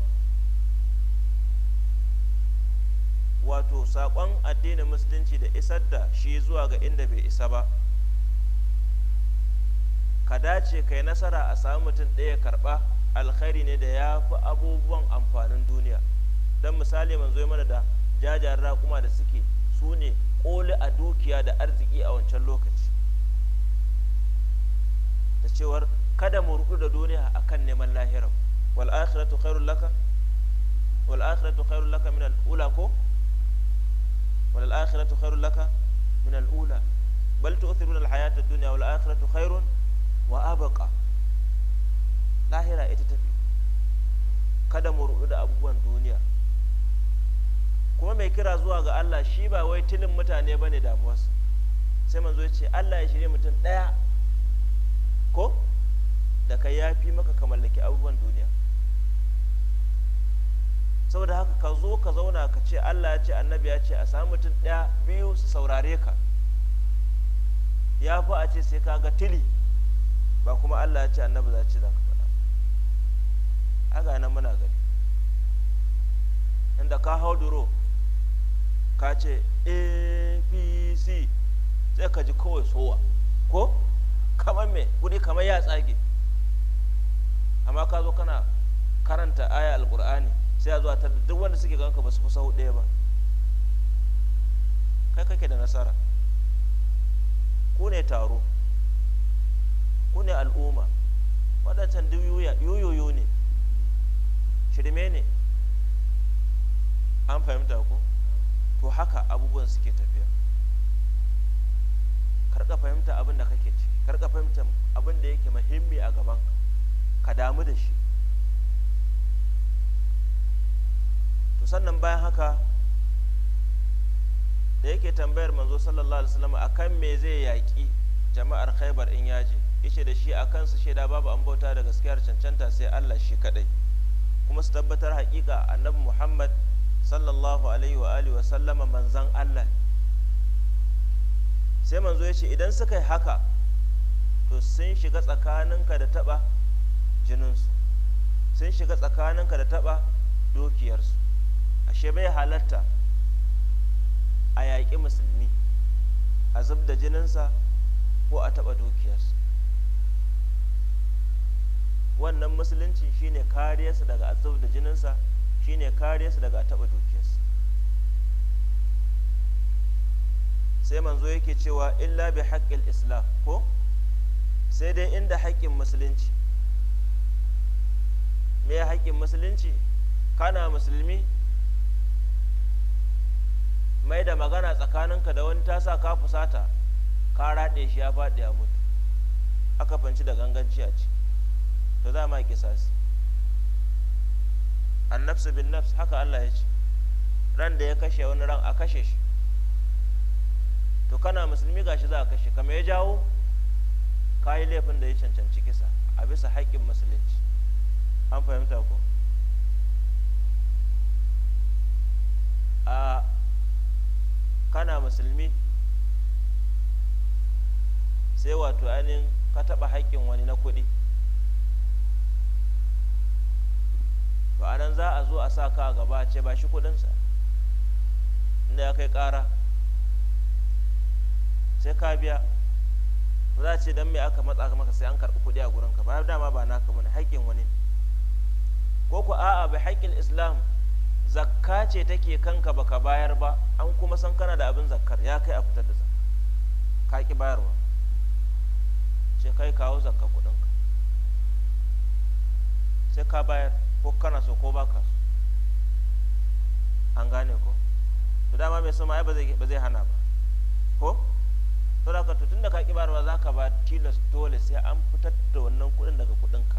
wato saƙon addinin musulunci da isar da shi zuwa ga inda bai isa ba ka dace kai nasara a samu mutum ɗaya karɓa alkhairi ne da ya fi abubuwan amfanin duniya don misali manzo ya mana da jajayen raƙuma da suke su ne ƙoli a dukiya da arziki a wancan lokaci da cewar kada mu rudu da duniya a kan neman lahira wal akhiratu laka wal akhiratu min al ko wal akhiratu laka min al bal tu'thiruna al hayata ad-dunya wal akhiratu khairun wa abaka lahira ita tafi kada mu rudu da abubuwan duniya kuma mai kira zuwa ga Allah shi ba wai tilin mutane bane damuwarsa sai manzo ya ce Allah ya shirye mutum daya ko da ya yafi maka ka mallaki abubuwan duniya saboda haka ka zo ka zauna ka ce Allah ya ce annabi ya ce a samu mutum ɗaya biyu su saurare ka ya fi a ce sai ka ga tili ba kuma allah ya ce annabi za ce za ka faɗa haka nan muna gani inda ka hau duro ka ce APC sai ka ji kawai sowa ko kamar me guri kamar ya tsage amma ka zo kana karanta aya alkur'ani sai ya zuwa ta duk wanda suke ganka ba su kusa ɗaya ba kai kake da nasara ku ne taro ku ne al'umma waɗancan yoyoyo ne shirme ne an fahimta ku to haka abubuwan suke tafiya karka fahimta abin da kake ci karka fahimta abin da yake muhimmi a gaban ka damu da shi to sannan bayan haka da yake tambayar manzo sallallahu alaihi wasallam akan me zai yaƙi jama'ar khaybar in yaji yace da shi a kansu shaida babu an bauta da gaskiyar cancanta sai Allah shi kadai kuma su tabbatar haƙiƙa annabi Muhammad sallallahu alaihi wa alihi wa sallama manzan Allah sai manzo yace idan suka yi haka to sun shiga tsakaninka da taba jininsu sun shiga tsakaninka da taba dokiyarsu ashe bai halatta a yaƙi musulmi a zub da jininsa ko a taɓa dukiyarsa wannan musulunci shine kariyarsa daga azab da jininsa shine kariyarsa daga taɓa dukiyarsa sai manzo yake cewa illa bi haƙƙin islam ko sai dai inda haƙƙin musulunci me haƙƙin musulunci kana musulmi mai da magana tsakaninka da wani ta sa ka fusata ka raɗe shi ya faɗi ya mutu aka fanci da ganganci a ci to za ma kisasi annafsu bin nafs haka Allah ya ce ran da ya kashe wani ran a kashe shi to kana musulmi gashi za a kashe kama ya jawo ka yi laifin da ya cancanci kisa a bisa haƙƙin musulunci an fahimta ko a kana musulmi sai wato ainihin ka taɓa haƙƙin wani na kuɗi to anan za a zo a sa ka a gaba ce ba shi kudinsa inda ya kai kara sai ka biya Za za ce don me aka matsa maka sai an karɓi kuɗi a gurinka ba dama ba naka bane haƙƙin wani ko ku a'a bai haƙƙin islam zakka ce take kanka baka bayar ba an kuma san kana da abin zakkar ya kai a fitar da zakka ka ki bayarwa sai kai kawo zakka kuɗinka sai ka bayar ko kana so ko baka so an gane ko to dama mai so ma ba zai hana ba ko to da ka tun da ka ki barwa za ka ba tilas dole sai an fitar da wannan kuɗin daga kuɗinka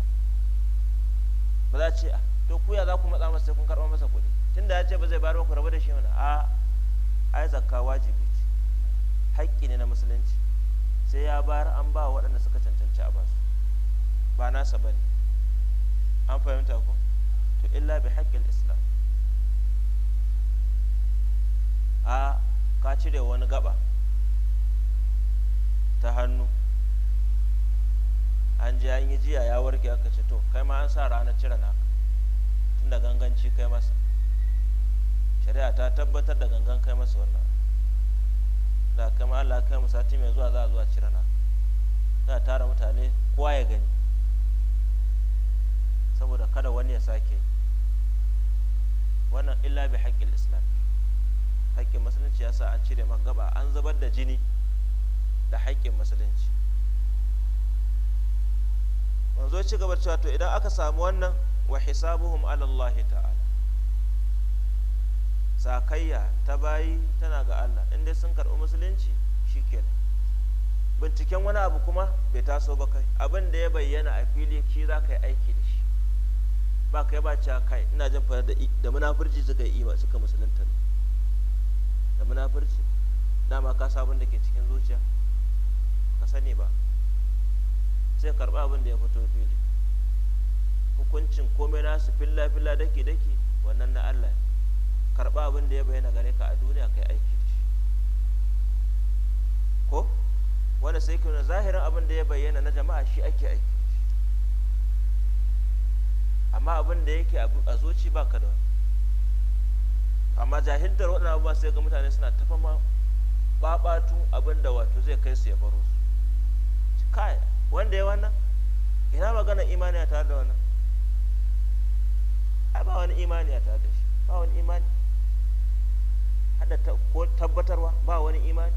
ba za ce ah, to kuya za ku matsa masa sai kun karɓa masa kuɗi tun da ya ce ba zai bayar ku rabu da shi mana a ai zakka wajibi ce haƙƙi ne na musulunci sai ya bayar an ba waɗanda suka cancanci a ba su ba nasa bane an fahimta ko illa bi haƙƙin islam a ka cire wani gaba ta hannu an ji an yi jiya ya warke aka ce to kai ma an sa rana cire na tun da ganganci kai masa shari'a ta tabbatar da gangan kai masa wannan da kama Allah kai mu sati mai zuwa za a zuwa cire na za tara mutane kowa ya gani saboda kada wani ya sake yi wannan illa bi haƙƙin islam haƙƙin musulunci ya sa an cire magaba an zubar da jini da haƙƙin musulunci manzo ci gaba cewa to idan aka samu wannan wa hisabuhum ala Allah ta'ala sakayya ta bayi tana ga Allah inda sun karɓi musulunci shikenan binciken wani abu kuma bai taso ba kai abin da ya bayyana a fili shi za ka yi aiki ne. ba kai ba cewa kai ina jin fara da da munafurci suka yi suka musulunta da munafurci dama ka abin da ke cikin zuciya ka sani ba sai karɓa abin da ya fito fili hukuncin komai nasu filla filla daki-daki wannan na Allah karɓa abin da ya bayyana gare ka a duniya kai aiki da shi ko wanda sai kuna zahirin abin da ya bayyana na jama'a shi ake aiki amma abin da yake a zuci ba ka da amma jahiltar waɗannan abubuwa sai ga mutane suna tafa ma babatu abin da wato zai kai su ya baro su kai wanda ya wannan ina magana imani a tare da wannan a ba wani imani a tare da shi ba wani imani hada ko tabbatarwa ba wani imani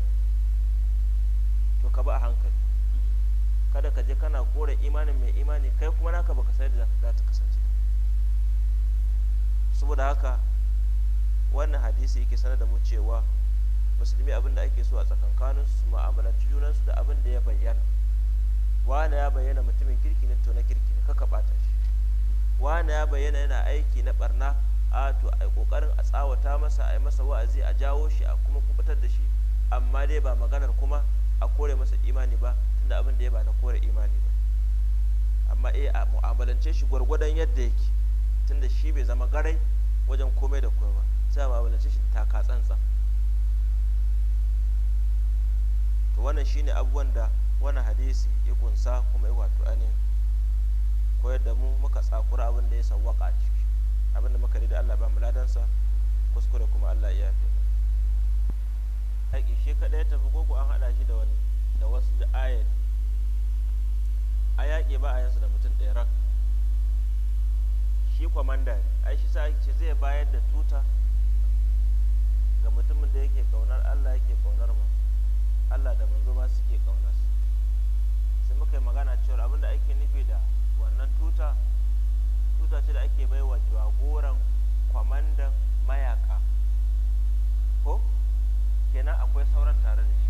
to ka ba a hankali kada ka je kana kore imanin mai imani kai kuma naka baka sai da za ta kasance saboda haka wannan hadisi yake sanar da mu cewa musulmi abin da ake so a tsakankanin su mu'amalanci junansu da abin da ya bayyana wani ya bayyana mutumin kirki ne to na kirki ne kaka bata shi wani ya bayyana yana aiki na barna a to a kokarin a tsawata masa a masa wa'azi a jawo shi a kuma kubutar da shi amma dai ba maganar kuma a kore masa imani ba tunda abin da ya ba na kore imani ba amma eh a mu'amalance shi gwargwadon yadda yake tunda shi bai zama garai wajen komai da komai ba sai a babalance shi ta ka tsantsan to wannan shine abubuwan da wannan hadisi ya kunsa kuma ya wato ainihin koyar da mu muka tsakura abin da ya sawwaka a ciki abin da muka da Allah ba mu ladansa kuskure kuma Allah ya fi haƙi shi kaɗai ya tafi koko an haɗa shi da wani da wasu da ayat a yaƙi ba a yansu da mutum ɗaya rak shi kwamanda ne ai shi ce zai bayar da tuta ga mutumin da yake kaunar Allah yake kaunar mu Allah da manzo ba suke kaunar su sai muka yi magana cewa abin da ake nufi da wannan tuta tuta ce da ake bai wa jagoran kwamandan mayaka ko kenan akwai sauran tare da shi